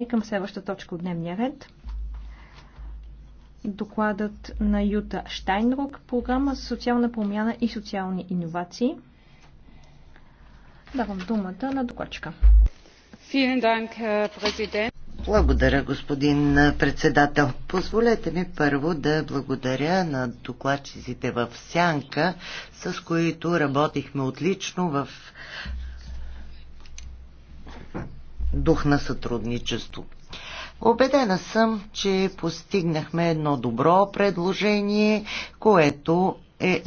И към следващата точка от дневния ред. Докладът на Юта Штайнрук, програма за социална промяна и социални иновации. Давам думата на докладчика. Благодаря, господин председател. Позволете ми първо да благодаря на докладчиците в Сянка, с които работихме отлично в дух на сътрудничество. Обедена съм, че постигнахме едно добро предложение, което е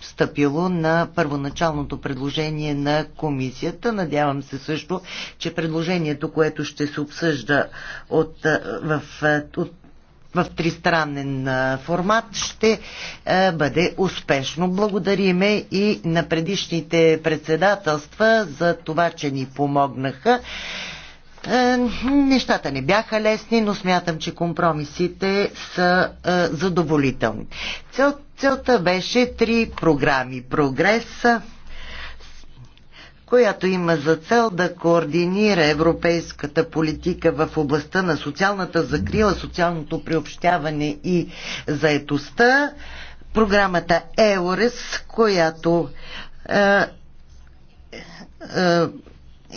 стъпило на първоначалното предложение на комисията. Надявам се също, че предложението, което ще се обсъжда от, е, в, е, от в тристранен е, формат ще бъде успешно. Благодариме и на предишните председателства за това, че ни помогнаха. Е, нещата не бяха лесни, но смятам, че компромисите са е, задоволителни. Цел, целта беше три програми. Прогрес, която има за цел да координира европейската политика в областта на социалната закрила, социалното приобщаване и заетостта. Програмата ЕОРЕС, която е, е,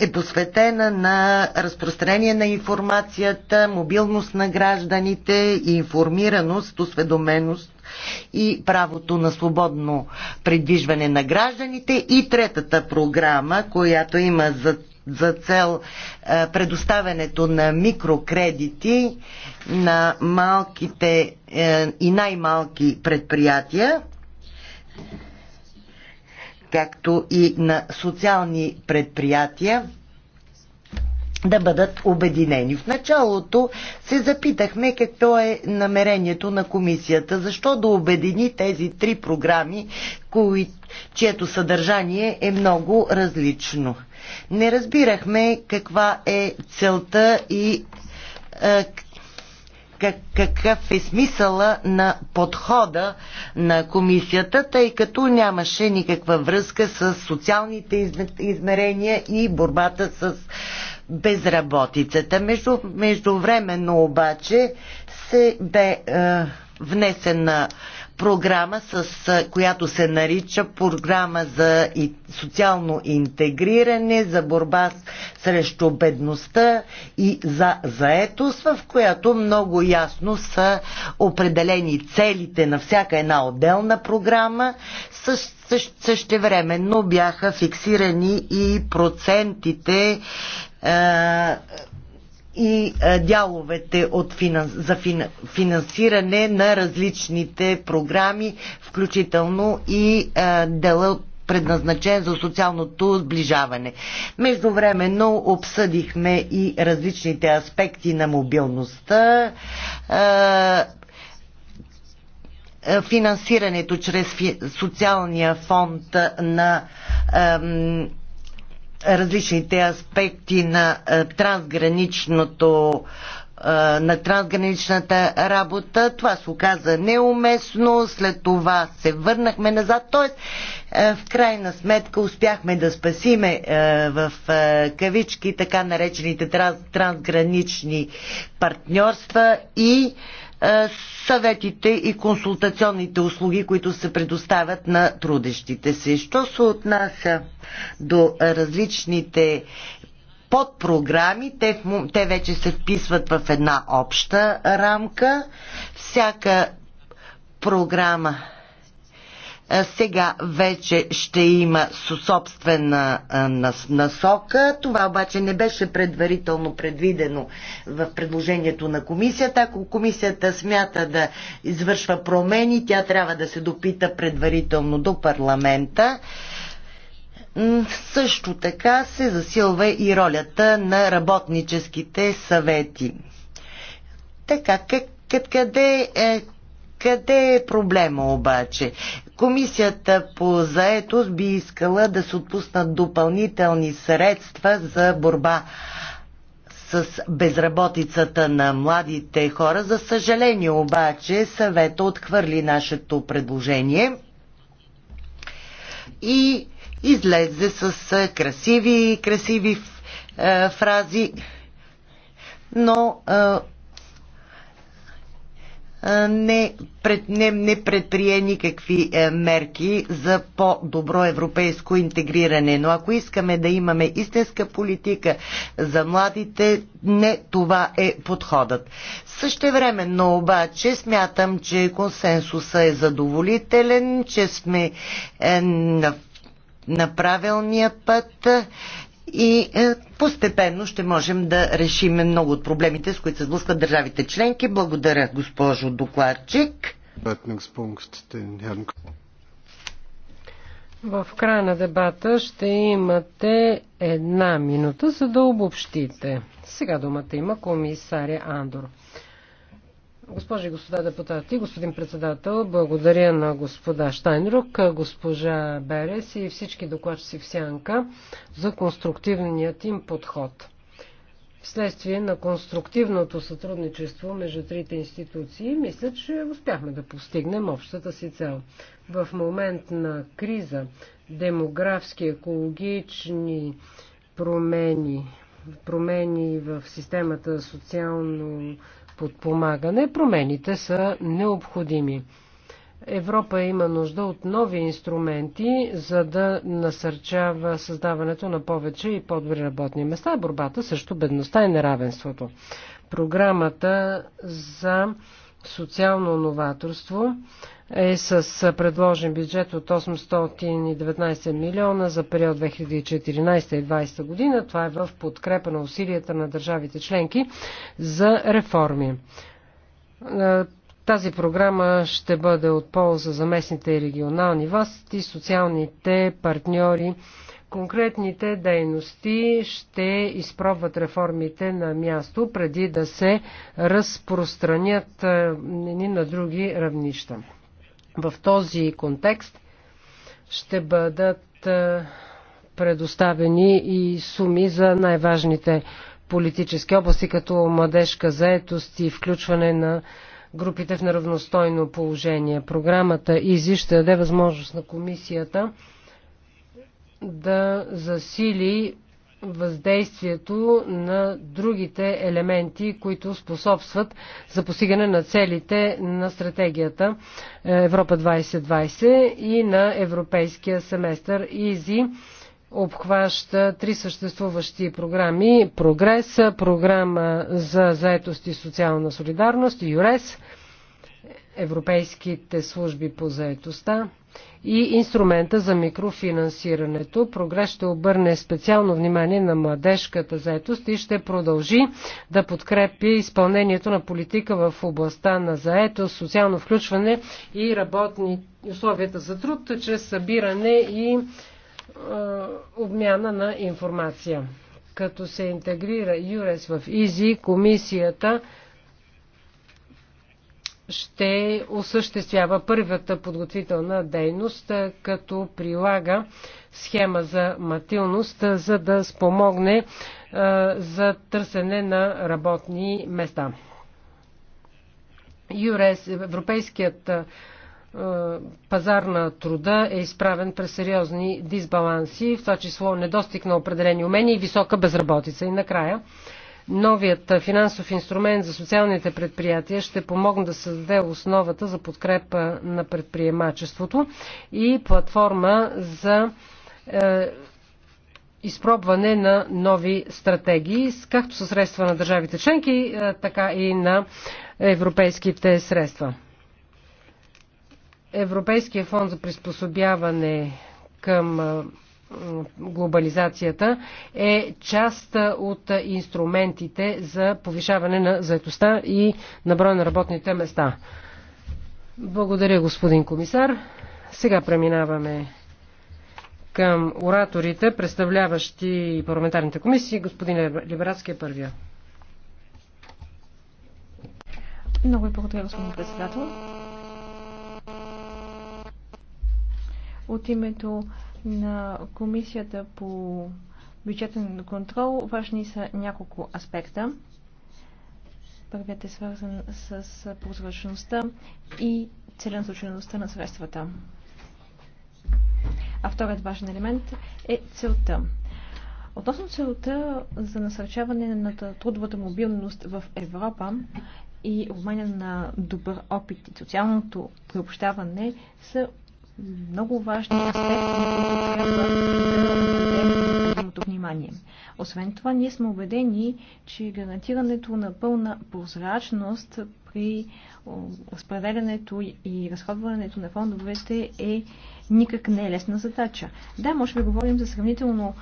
е посветена на разпространение на информацията, мобилност на гражданите, информираност, осведоменост и правото на свободно предвижване на гражданите. И третата програма, която има за, за цел е, предоставянето на микрокредити на малките е, и най-малки предприятия както и на социални предприятия да бъдат обединени. В началото се запитахме какво е намерението на комисията, защо да обедини тези три програми, кои, чието съдържание е много различно. Не разбирахме каква е целта и е, как, какъв е смисъла на подхода на комисията, тъй като нямаше никаква връзка с социалните измерения и борбата с безработицата. Между, междувременно обаче се бе е, внесена е, програма, с която се нарича програма за социално интегриране, за борба срещу бедността и за заетост, в която много ясно са определени целите на всяка една отделна програма. Същевременно бяха фиксирани и процентите и дяловете от финанс, за финансиране на различните програми, включително и дела предназначен за социалното сближаване. Междувременно обсъдихме и различните аспекти на мобилността, финансирането чрез социалния фонд на различните аспекти на е, трансграничното е, на трансграничната работа. Това се оказа неуместно, след това се върнахме назад. Тоест, е, в крайна сметка успяхме да спасиме в кавички така наречените транс, трансгранични партньорства и е, съветите и консултационните услуги, които се предоставят на трудещите се. Що се отнася до различните подпрограми, те, те вече се вписват в една обща рамка. Всяка програма сега вече ще има собствена насока. Това обаче не беше предварително предвидено в предложението на комисията. Ако комисията смята да извършва промени, тя трябва да се допита предварително до парламента. Също така се засилва и ролята на работническите съвети. Така, къде е, къде е проблема обаче? Комисията по заетост би искала да се отпуснат допълнителни средства за борба с безработицата на младите хора. За съжаление обаче съвета отхвърли нашето предложение и излезе с красиви, красиви е, фрази, но е, не, пред, не, не предприе никакви е, мерки за по-добро европейско интегриране. Но ако искаме да имаме истинска политика за младите, не това е подходът. Същевременно обаче смятам, че консенсуса е задоволителен, че сме е, на, на правилния път и е, постепенно ще можем да решим много от проблемите, с които се сблъскват държавите членки. Благодаря, госпожо докладчик. В края на дебата ще имате една минута, за да обобщите. Сега думата има комисаря Андор. Госпожи и господа депутати, господин председател, благодаря на господа Штайнрук, госпожа Берес и всички докладчици в Сянка за конструктивният им подход. Вследствие на конструктивното сътрудничество между трите институции, мисля, че успяхме да постигнем общата си цел. В момент на криза, демографски, екологични промени, промени в системата социално подпомагане, промените са необходими. Европа има нужда от нови инструменти, за да насърчава създаването на повече и по-добри работни места, борбата срещу бедността и неравенството. Програмата за социално новаторство е с предложен бюджет от 819 милиона за период 2014-2020 година. Това е в подкрепа на усилията на държавите членки за реформи. Е, тази програма ще бъде от полза за местните и регионални власти, социалните партньори Конкретните дейности ще изпробват реформите на място, преди да се разпространят е, ни на други равнища. В този контекст ще бъдат е, предоставени и суми за най-важните политически области, като младежка заетост и включване на групите в неравностойно положение. Програмата ИЗИ ще даде възможност на комисията да засили въздействието на другите елементи, които способстват за постигане на целите на стратегията Европа 2020 и на европейския семестър ИЗИ обхваща три съществуващи програми Прогрес, програма за заетост и социална солидарност, ЮРЕС европейските служби по заетостта и инструмента за микрофинансирането. Прогрес ще обърне специално внимание на младежката заетост и ще продължи да подкрепи изпълнението на политика в областта на заетост, социално включване и работни условията за труд, чрез събиране и е, обмяна на информация. Като се интегрира ЮРЕС в ИЗИ, комисията ще осъществява първата подготвителна дейност, като прилага схема за матилност, за да спомогне за търсене на работни места. ЮРЕС, Европейският пазар на труда е изправен през сериозни дисбаланси, в това число недостиг на определени умения и висока безработица. И накрая, Новият финансов инструмент за социалните предприятия ще помогне да създаде основата за подкрепа на предприемачеството и платформа за е, изпробване на нови стратегии, както със средства на държавите членки, е, така и на европейските средства. Европейския фонд за приспособяване към е, глобализацията е част от инструментите за повишаване на заетостта и на броя на работните места. Благодаря, господин комисар. Сега преминаваме към ораторите, представляващи парламентарните комисии. Господин Либератски е първия. Много ви благодаря, господин председател. От името на Комисията по бюджетен контрол важни са няколко аспекта. Първият е свързан с прозрачността и целенасочеността на средствата. А вторият важен елемент е целта. Относно целта за насърчаване на трудовата мобилност в Европа и обменя на добър опит и социалното приобщаване са много важни аспекти, на които трябва да отдадем необходимото внимание. Освен това, ние сме убедени, че гарантирането на пълна прозрачност при разпределянето и разходването на фондовете е никак не е лесна задача. Да, може би говорим за сравнително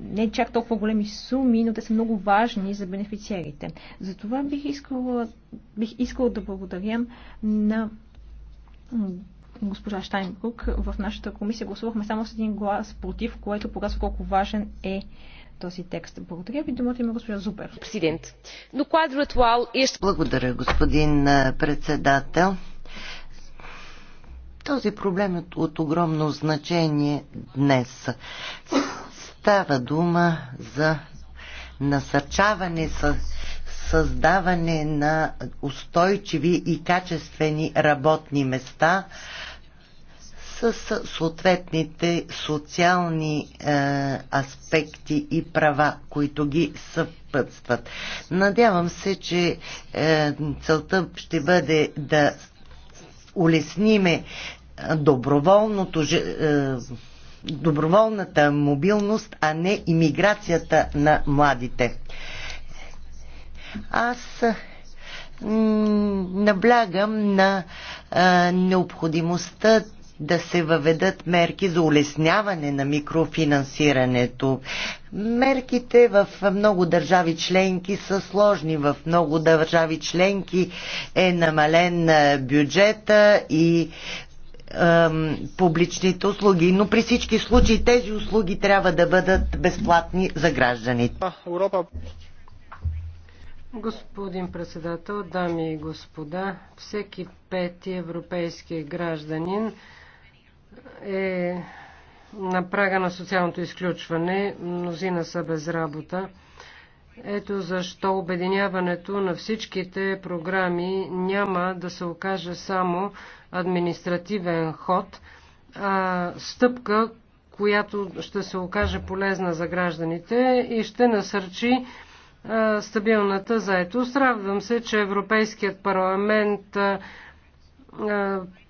не чак толкова големи суми, но те са много важни за бенефициерите. Затова бих искала, бих искала да благодаря на госпожа Штайнбрук, в нашата комисия гласувахме само с един глас против, което показва колко важен е този текст. Благодаря ви. Думата има госпожа Зубер. Президент. Но квадро атуал е Благодаря, господин председател. Този проблем е от огромно значение днес. Става дума за насърчаване с създаване на устойчиви и качествени работни места с съответните социални е, аспекти и права, които ги съпътстват. Надявам се, че е, целта ще бъде да улесниме е, доброволното е, доброволната мобилност, а не имиграцията на младите. Аз е, наблягам на а, е, необходимостта да се въведат мерки за улесняване на микрофинансирането. Мерките в много държави членки са сложни. В много държави членки е намален бюджета и публичните услуги. Но при всички случаи тези услуги трябва да бъдат безплатни за гражданите. Европа. Господин председател, дами и господа, всеки пети европейски гражданин е на прага на социалното изключване. Мнозина са без работа. Ето защо обединяването на всичките програми няма да се окаже само административен ход, а стъпка, която ще се окаже полезна за гражданите и ще насърчи стабилната заетост. Радвам се, че Европейският парламент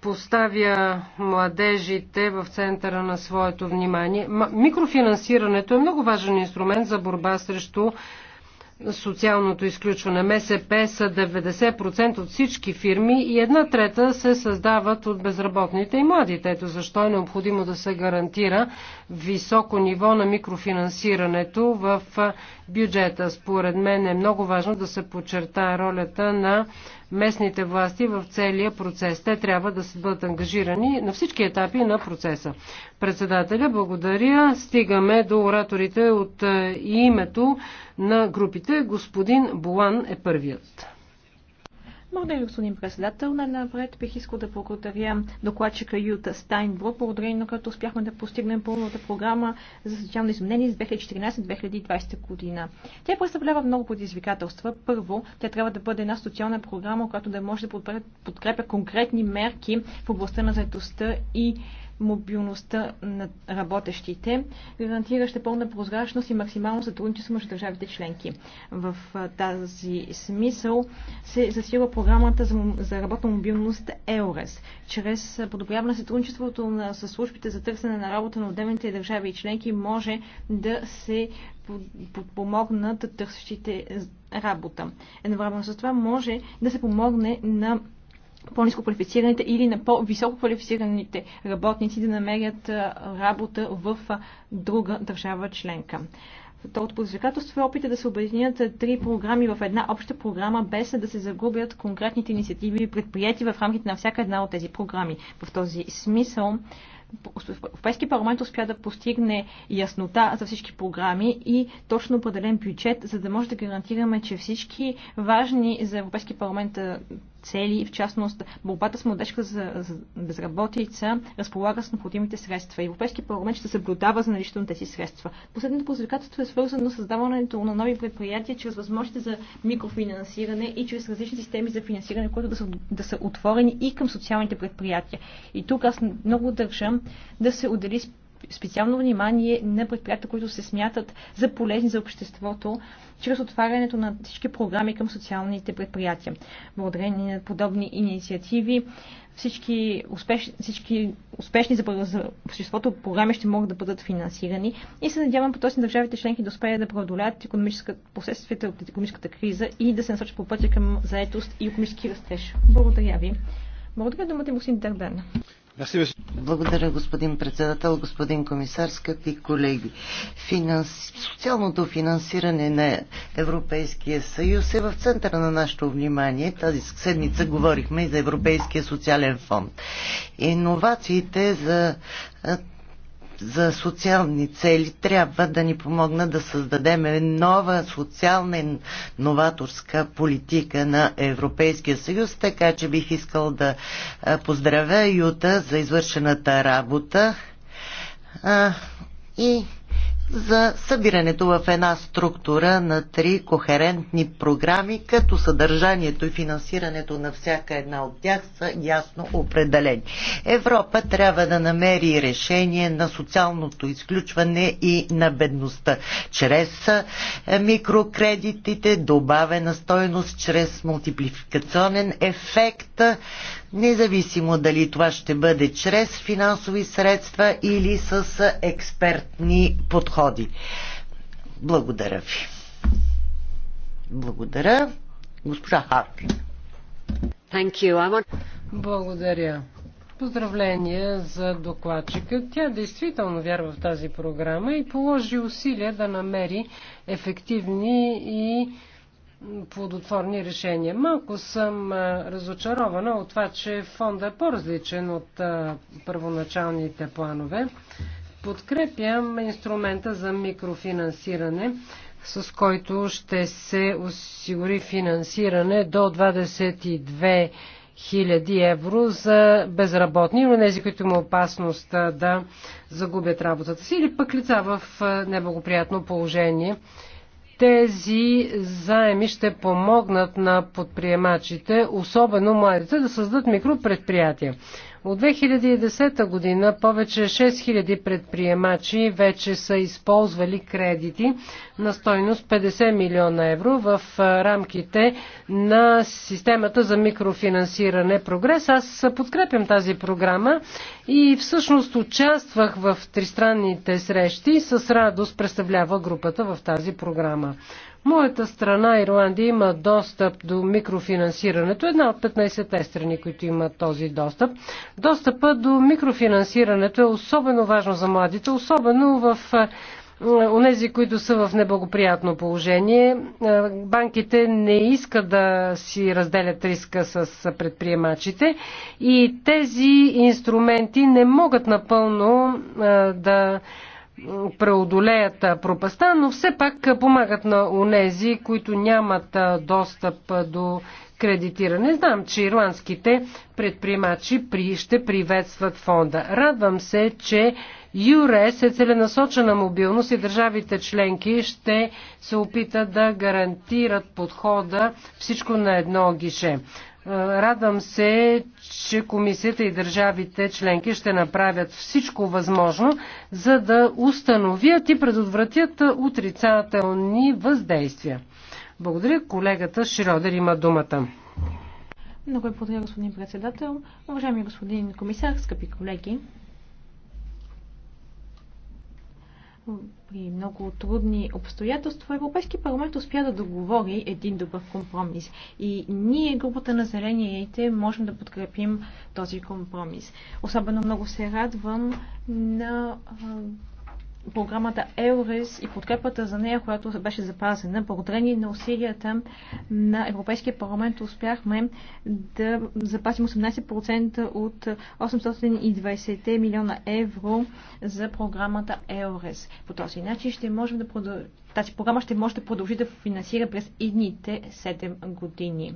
поставя младежите в центъра на своето внимание. Микрофинансирането е много важен инструмент за борба срещу социалното изключване. МСП са 90% от всички фирми и една трета се създават от безработните и младите. Ето защо е необходимо да се гарантира високо ниво на микрофинансирането в бюджета. Според мен е много важно да се подчертая ролята на местните власти в целия процес. Те трябва да се бъдат ангажирани на всички етапи на процеса. Председателя, благодаря. Стигаме до ораторите от е, името на групите. Господин Болан е първият. Благодаря ви, господин председател. Най-напред бих искал да благодаря докладчика Юта Стайнбро, благодарение на като успяхме да постигнем пълната програма за социално изменение с 2014-2020 година. Тя представлява много предизвикателства. Първо, тя трябва да бъде една социална програма, която да може да подкрепя конкретни мерки в областта на заедостта и мобилността на работещите, гарантираща пълна прозрачност и максимално сътрудничество между държавите членки. В тази смисъл се засилва програмата за, работна мобилност ЕОРЕС, чрез подобряване сътрудничеството на, службите за търсене на работа на отделните държави и членки може да се подпомогнат търсещите работа. Едновременно с това може да се помогне на по-низко квалифицираните или на по-високо квалифицираните работници да намерят работа в друга държава членка. Второто предизвикателство е опита да се объединят три програми в една обща програма, без да се загубят конкретните инициативи и предприяти в рамките на всяка една от тези програми. В този смисъл Европейски парламент успя да постигне яснота за всички програми и точно определен бюджет, за да може да гарантираме, че всички важни за Европейски парламент цели, в частност борбата с младежка за, за безработица, разполага с необходимите средства. Европейски парламент ще съблюдава за наличието на тези средства. Последното предизвикателство е свързано с създаването на нови предприятия чрез възможности за микрофинансиране и чрез различни системи за финансиране, които да са, да са отворени и към социалните предприятия. И тук аз много държам да се отдели специално внимание на предприятията, които се смятат за полезни за обществото, чрез отварянето на всички програми към социалните предприятия. Благодарение на подобни инициативи, всички, успеш, всички успешни за, обществото програми ще могат да бъдат финансирани и се надявам по този държавите членки да успеят да преодолят последствията от економическата криза и да се насочат по пътя към заетост и економически растеж. Благодаря ви. Благодаря думата, господин Дърбен. Благодаря, господин председател, господин комисар, скъпи колеги. Финанс... Социалното финансиране на Европейския съюз е в центъра на нашето внимание. Тази седмица говорихме и за Европейския социален фонд. Иновациите за за социални цели трябва да ни помогна да създадем е нова социална новаторска политика на Европейския съюз, така че бих искал да поздравя Юта за извършената работа и за събирането в една структура на три кохерентни програми, като съдържанието и финансирането на всяка една от тях са ясно определени. Европа трябва да намери решение на социалното изключване и на бедността, чрез е, микрокредитите, добавена стойност, чрез мултипликационен ефект, независимо дали това ще бъде чрез финансови средства или с експертни подходи. Благодаря ви. Благодаря. Госпожа I Want... Благодаря. Поздравления за докладчика. Тя действително вярва в тази програма и положи усилия да намери ефективни и плодотворни решения. Малко съм разочарована от това, че фонда е по-различен от първоначалните планове. Подкрепям инструмента за микрофинансиране, с който ще се осигури финансиране до 22 000 евро за безработни или тези, които има опасност да загубят работата си или пък лица в неблагоприятно положение. Тези заеми ще помогнат на подприемачите, особено младите, да създадат микропредприятия. От 2010 година повече 6000 предприемачи вече са използвали кредити на стойност 50 милиона евро в рамките на системата за микрофинансиране Прогрес. Аз подкрепям тази програма и всъщност участвах в тристранните срещи и с радост представлява групата в тази програма. Моята страна, Ирландия, има достъп до микрофинансирането. Една от 15-те страни, които имат този достъп. Достъпа до микрофинансирането е особено важно за младите, особено в Онези, е, които са в неблагоприятно положение, е, банките не искат да си разделят риска с предприемачите и тези инструменти не могат напълно е, да преодолеят пропаста, но все пак помагат на онези, които нямат достъп до кредитиране. Знам, че ирландските предприемачи при, ще приветстват фонда. Радвам се, че ЮРЕС е целенасочена мобилност и държавите членки ще се опитат да гарантират подхода всичко на едно гише. Е, радвам се, че комисията и държавите членки ще направят всичко възможно, за да установят и предотвратят отрицателни въздействия. Благодаря. Колегата Широдер има думата. Много благодаря, господин председател. Уважаеми господин комисар, скъпи колеги, при много трудни обстоятелства Европейски парламент успя да договори един добър компромис. И ние, групата на зелените, можем да подкрепим този компромис. Особено много се радвам на програмата ЕУРЕС и подкрепата за нея, която беше запазена. Благодарение на усилията на Европейския парламент успяхме да запазим 18% от 820 милиона евро за програмата ЕУРЕС. По този начин ще можем да продъл... тази програма ще може да продължи да финансира през идните 7 години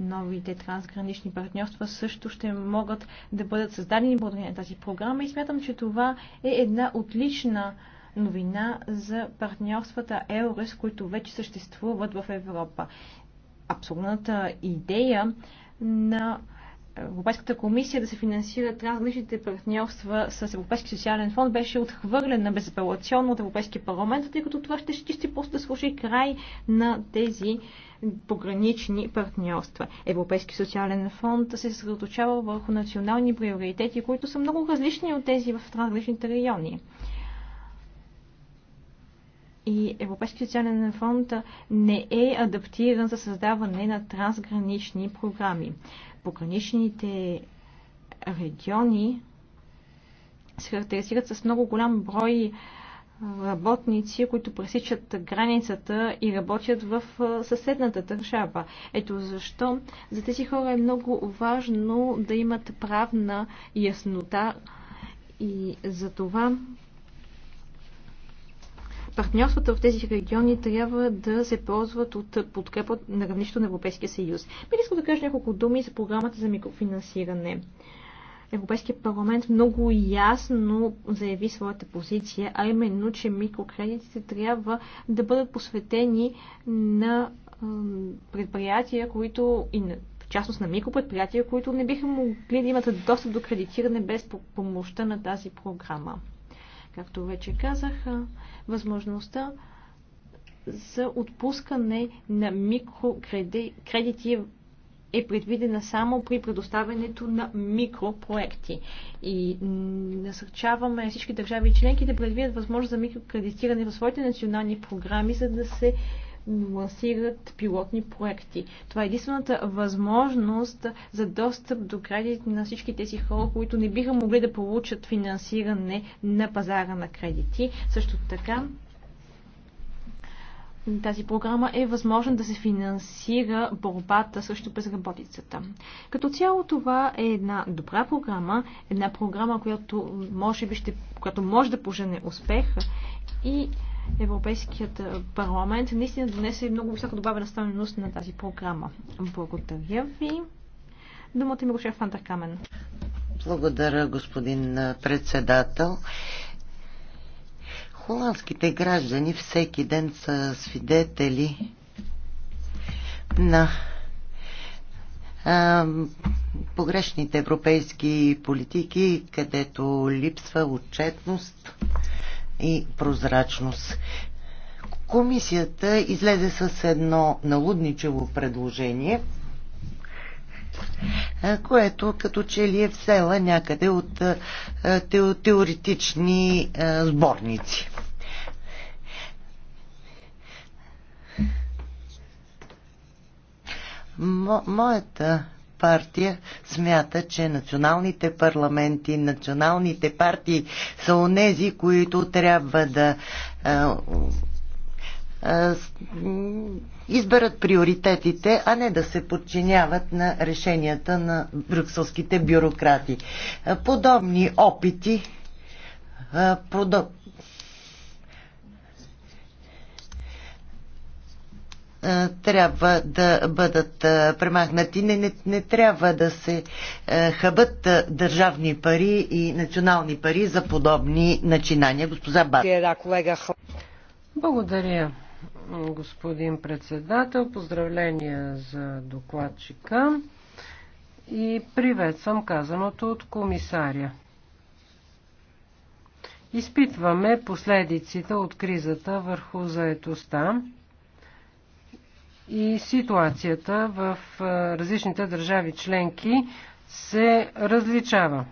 новите трансгранични партньорства също ще могат да бъдат създадени благодарение на тази програма и смятам, че това е една отлична новина за партньорствата ЕОРЕС, които вече съществуват в Европа. Абсолютната идея на Европейската комисия да се финансира трансграничните партньорства с Европейски социален фонд беше отхвърлена безапелационно от Европейския парламент, тъй като това ще чисти просто да сложи край на тези погранични партньорства. Европейски социален фонд се съсредоточава върху национални приоритети, които са много различни от тези в трансграничните райони и Европейския социален фонд не е адаптиран за създаване на трансгранични програми. Пограничните региони се характеризират с много голям брой работници, които пресичат границата и работят в съседната държава. Ето защо за тези хора е много важно да имат правна яснота и за това партньорствата в тези региони трябва да се ползват от подкрепа на равнището на Европейския съюз. Би искал да кажа няколко думи за програмата за микрофинансиране. Европейския парламент много ясно заяви своята позиция, а именно, че микрокредитите трябва да бъдат посветени на предприятия, които и на частност на микропредприятия, които не биха могли да имат достъп до кредитиране без помощта на тази програма както вече казах, възможността за отпускане на микрокредити е предвидена само при предоставянето на микропроекти. И насърчаваме всички държави и членки да предвидят възможност за микрокредитиране в своите национални програми, за да се лансират пилотни проекти. Това е единствената възможност за достъп до кредит на всички тези хора, които не биха могли да получат финансиране на пазара на кредити. Също така, тази програма е възможно да се финансира борбата срещу безработицата. Като цяло това е една добра програма, една програма, която може, би ще, която може да пожене успех и Европейският парламент наистина донесе много висока добавена стойност на тази програма. Благодаря ви. Думата ми го шеф Камен. Благодаря, господин председател. Холандските граждани всеки ден са свидетели на а, погрешните европейски политики, където липсва отчетност и прозрачност. Комисията излезе с едно налудничево предложение, което като че ли е всела някъде от теоретични сборници. моята партия смята, че националните парламенти, националните партии са онези, които трябва да а, а, изберат приоритетите, а не да се подчиняват на решенията на брюкселските бюрократи. Подобни опити трябва да бъдат премахнати. Не, не, не трябва да се хъбат държавни пари и национални пари за подобни начинания. Госпожа Бар. Благодаря, господин председател. Поздравления за докладчика и приветствам казаното от комисаря. Изпитваме последиците от кризата върху заетостта и ситуацията в различните държави членки се различава.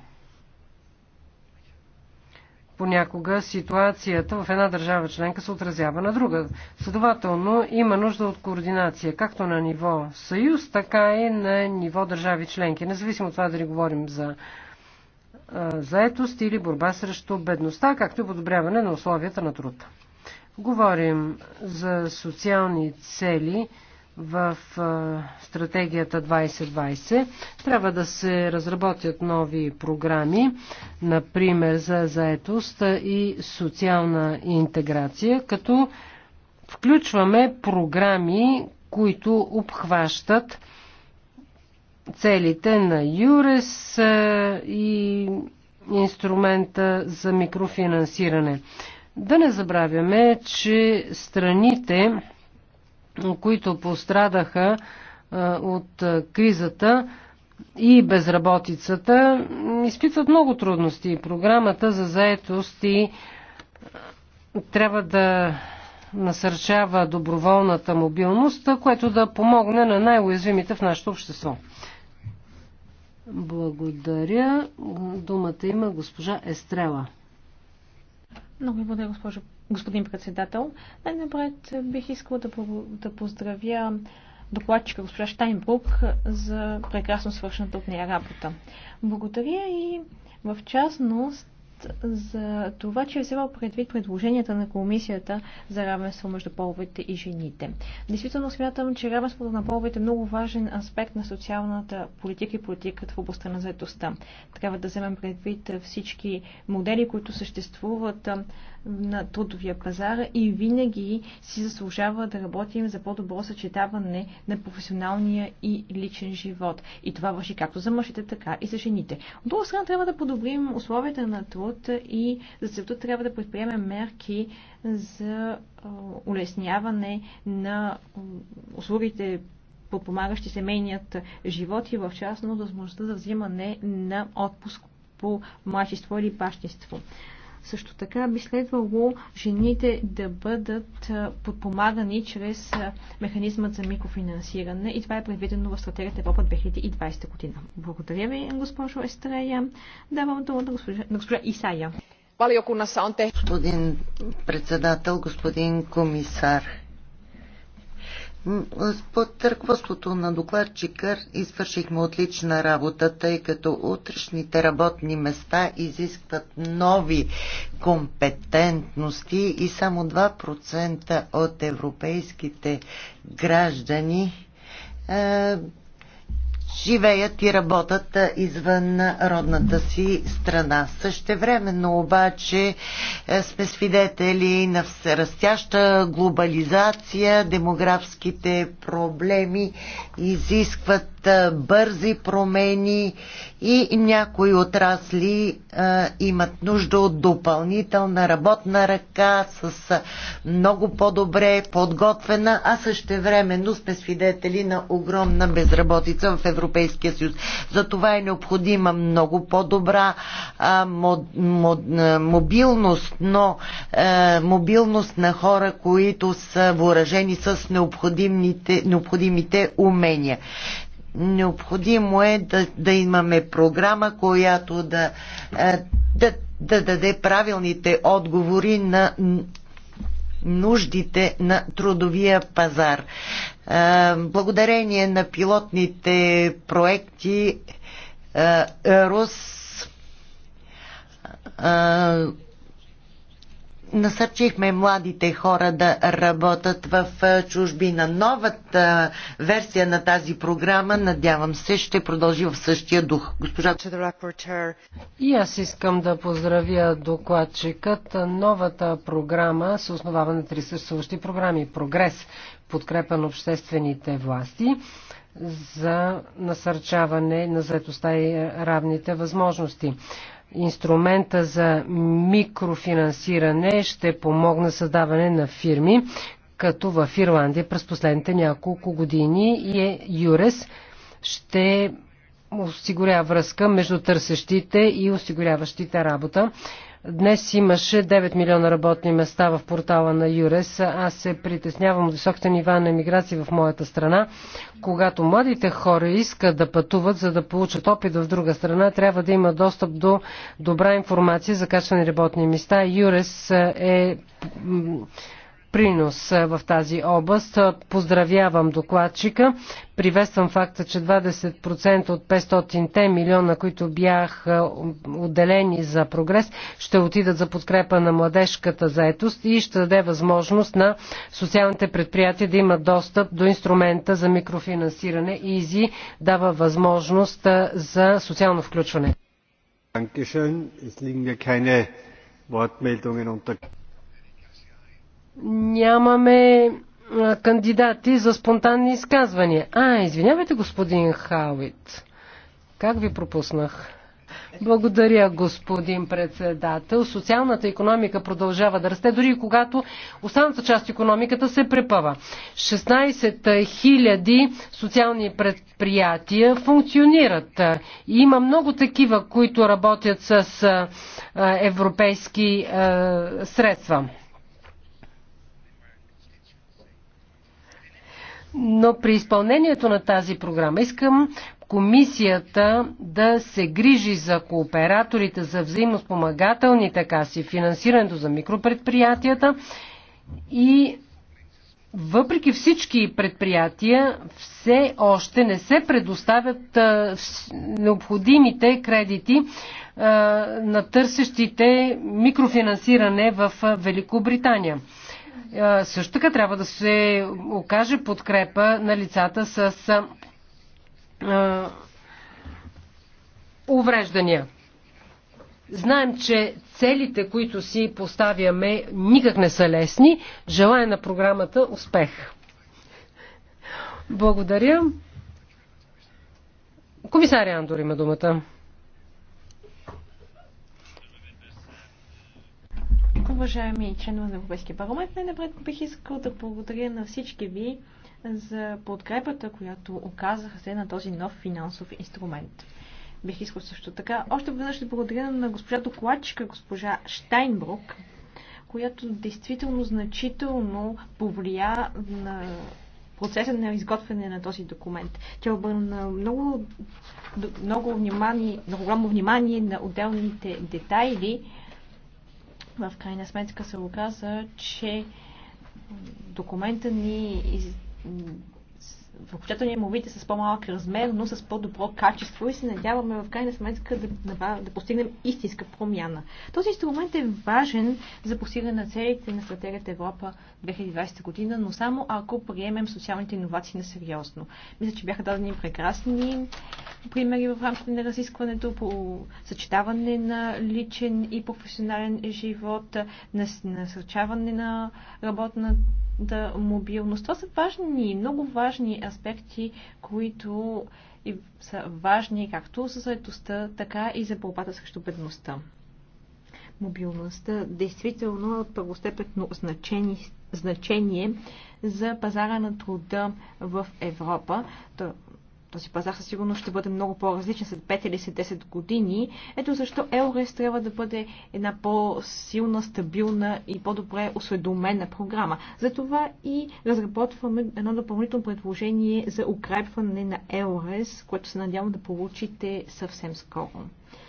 Понякога ситуацията в една държава членка се отразява на друга. Следователно има нужда от координация, както на ниво съюз, така и на ниво държави членки. Независимо от това дали говорим за заетост или борба срещу бедността, както и подобряване на условията на труд. Говорим за социални цели в стратегията 2020. Трябва да се разработят нови програми, например за заетост и социална интеграция, като включваме програми, които обхващат целите на ЮРЕС и инструмента за микрофинансиране. Да не забравяме, че страните които пострадаха е, от кризата и безработицата, изпитват много трудности. Програмата за заетост и е, трябва да насърчава доброволната мобилност, което да помогне на най-уязвимите в нашето общество. Благодаря. Думата има госпожа Естрела. Много благодаря, госпожо господин председател. Най-напред бих искала да, да поздравя докладчика госпожа Штайнбрук за прекрасно свършената от нея работа. Благодаря и в частност за това, че е взимал предвид предложенията на Комисията за равенство между половете и жените. Действително смятам, че равенството на половете е много важен аспект на социалната политика и политиката в областта на заедостта. Трябва да вземем предвид всички модели, които съществуват на трудовия пазар и винаги си заслужава да работим за по-добро съчетаване на професионалния и личен живот. И това върши както за мъжете, така и за жените. От друга страна трябва да подобрим условията на труд преход и за целта трябва да предприемем мерки за улесняване на услугите подпомагащи семейният живот и в частност възможността за взимане на отпуск по мачество или пащество. Също така би следвало жените да бъдат подпомагани чрез механизмът за микрофинансиране и това е предвидено в стратегията Европа 2020 година. Благодаря ви, госпожо Естрея. Давам думата на госпожа, на госпожа Исая. Господин председател, господин комисар, под ръководството на докладчика извършихме отлична работа, тъй като утрешните работни места изискват нови компетентности и само 2% от европейските граждани е, живеят и работят извън родната си страна. Същевременно обаче сме свидетели на растяща глобализация, демографските проблеми изискват бързи промени и някои отрасли а, имат нужда от допълнителна работна ръка с а, много по-добре подготвена, а същевременно сме свидетели на огромна безработица в Европейския съюз. За това е необходима много по-добра мобилност, но а, мобилност на хора, които са въоръжени с необходимите умения. Необходимо е да, да имаме програма, която да, е, да, да даде правилните отговори на нуждите на трудовия пазар. Е, благодарение на пилотните проекти е, РУС насърчихме младите хора да работят в чужбина. Новата версия на тази програма, надявам се, ще продължи в същия дух. Госпожа... И аз искам да поздравя докладчикът. Новата програма се основава на три съществуващи програми. Прогрес, подкрепа на обществените власти за насърчаване на заетостта и равните възможности. Инструмента за микрофинансиране ще помогна създаване на фирми, като в Ирландия през последните няколко години и е ЮРЕС ще осигурява връзка между търсещите и осигуряващите работа. Днес имаше 9 милиона работни места в портала на Юрес. Аз се притеснявам от високите нива на емиграция в моята страна. Когато младите хора искат да пътуват, за да получат опит в друга страна, трябва да има достъп до добра информация за качване работни места. Юрес е принос е, в тази област. Е, поздравявам докладчика. Приветствам факта, че 20% от 500-те милиона, които бях отделени за прогрес, ще отидат за подкрепа на младежката заетост и ще даде възможност на социалните предприятия да имат достъп до инструмента за микрофинансиране. ИЗИ дава възможност е, за социално включване нямаме кандидати за спонтанни изказвания. А, извинявайте, господин Хауит. Как ви пропуснах? Благодаря, господин председател. Социалната економика продължава да расте, дори когато останата част от економиката се препъва. 16 000 социални предприятия функционират. Има много такива, които работят с европейски средства. Но при изпълнението на тази програма искам комисията да се грижи за кооператорите, за взаимоспомагателните каси, финансирането за микропредприятията и въпреки всички предприятия все още не се предоставят необходимите кредити на търсещите микрофинансиране в Великобритания. Е, също така трябва да се окаже подкрепа на лицата с е, увреждания. Знаем, че целите, които си поставяме, никак не са лесни. Желая на програмата успех. Благодаря. Комисаря Андор има думата. Уважаеми членове на Европейския парламент, най-напред бих искал да благодаря на всички ви за подкрепата, която оказаха се на този нов финансов инструмент. Бих искал също така още веднъж да благодаря на госпожа докладчика, госпожа Штайнбрук, която действително значително повлия на процеса на изготвяне на този документ. Тя обърна много, много внимание, много голямо внимание на отделните детайли, в крайна сметка се оказа, че документа ни из окончателния му вид е с по-малък размер, но с по-добро качество и се надяваме в крайна сметка да, да, да постигнем истинска промяна. Този инструмент е важен за постигане на целите на стратегията Европа 2020 година, но само ако приемем социалните иновации на сериозно. Мисля, че бяха дадени прекрасни примери в рамките на разискването по съчетаване на личен и професионален живот, насърчаване на работната да мобилност. Това са важни, много важни аспекти, които и са важни както за заедостта, така и за борбата срещу бедността. Мобилността действително е от първостепенно значение за пазара на труда в Европа този пазар със сигурност ще бъде много по-различен след 5 или след 10 години. Ето защо Еурес трябва да бъде една по-силна, стабилна и по-добре осведомена програма. Затова и разработваме едно допълнително предложение за укрепване на ЕОРЕС, което се надявам да получите съвсем скоро.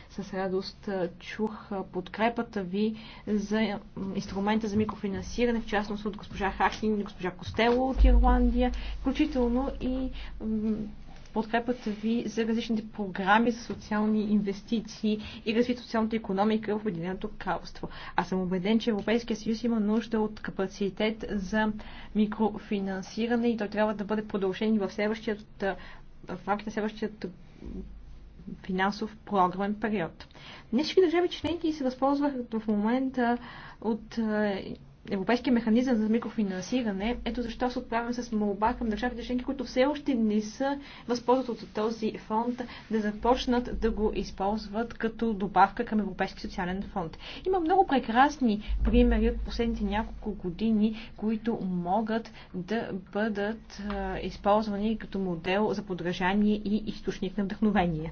С радост чух подкрепата ви за инструмента за микрофинансиране, в частност от госпожа Хахин и госпожа Костело от Ирландия, включително и подкрепата ви за различните програми за социални инвестиции и развит социалната економика в Обединеното кралство. Аз съм убеден, че Европейския съюз има нужда от капацитет за микрофинансиране и той трябва да бъде продължен в, в рамките на следващият финансов програмен период. Днешки държави членки се възползваха в момента от европейския механизъм за микрофинансиране. Ето защо се отправям с молба към държавите членки, които все още не са възползват от този фонд, да започнат да го използват като добавка към Европейски социален фонд. Има много прекрасни примери от последните няколко години, които могат да бъдат използвани като модел за подражание и източник на вдъхновение.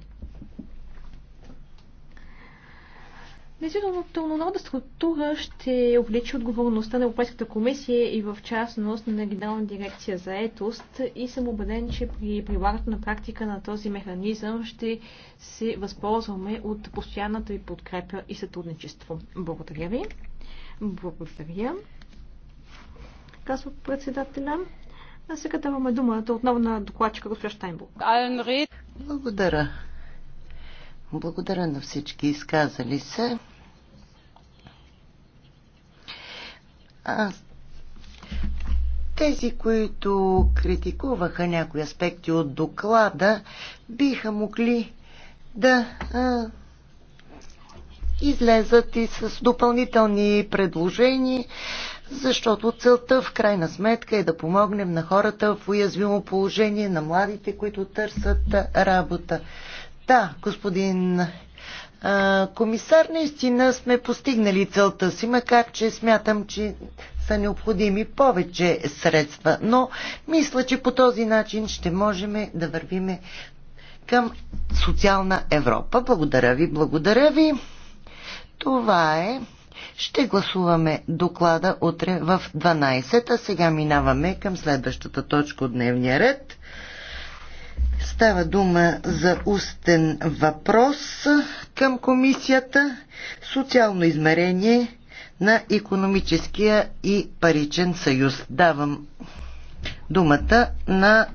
Международната структура ще обличи отговорността на Европейската комисия и в частност на Генерална дирекция за етост и съм убеден, че при прилагането на практика на този механизъм ще се възползваме от постоянната ви подкрепа и сътрудничество. Благодаря ви. Благодаря. Казва председателя. А сега даваме думата отново на докладчика госпожа Штайнбург. Благодаря. Благодаря на всички изказали се. А, тези, които критикуваха някои аспекти от доклада, биха могли да а, излезат и с допълнителни предложения, защото целта в крайна сметка е да помогнем на хората в уязвимо положение, на младите, които търсят работа. Да, господин а, комисар, наистина сме постигнали целта си, макар че смятам, че са необходими повече средства. Но мисля, че по този начин ще можем да вървиме към социална Европа. Благодаря ви, благодаря ви. Това е. Ще гласуваме доклада утре в 12, а сега минаваме към следващата точка от дневния ред. Става дума за устен въпрос към комисията социално измерение на економическия и паричен съюз. Давам думата на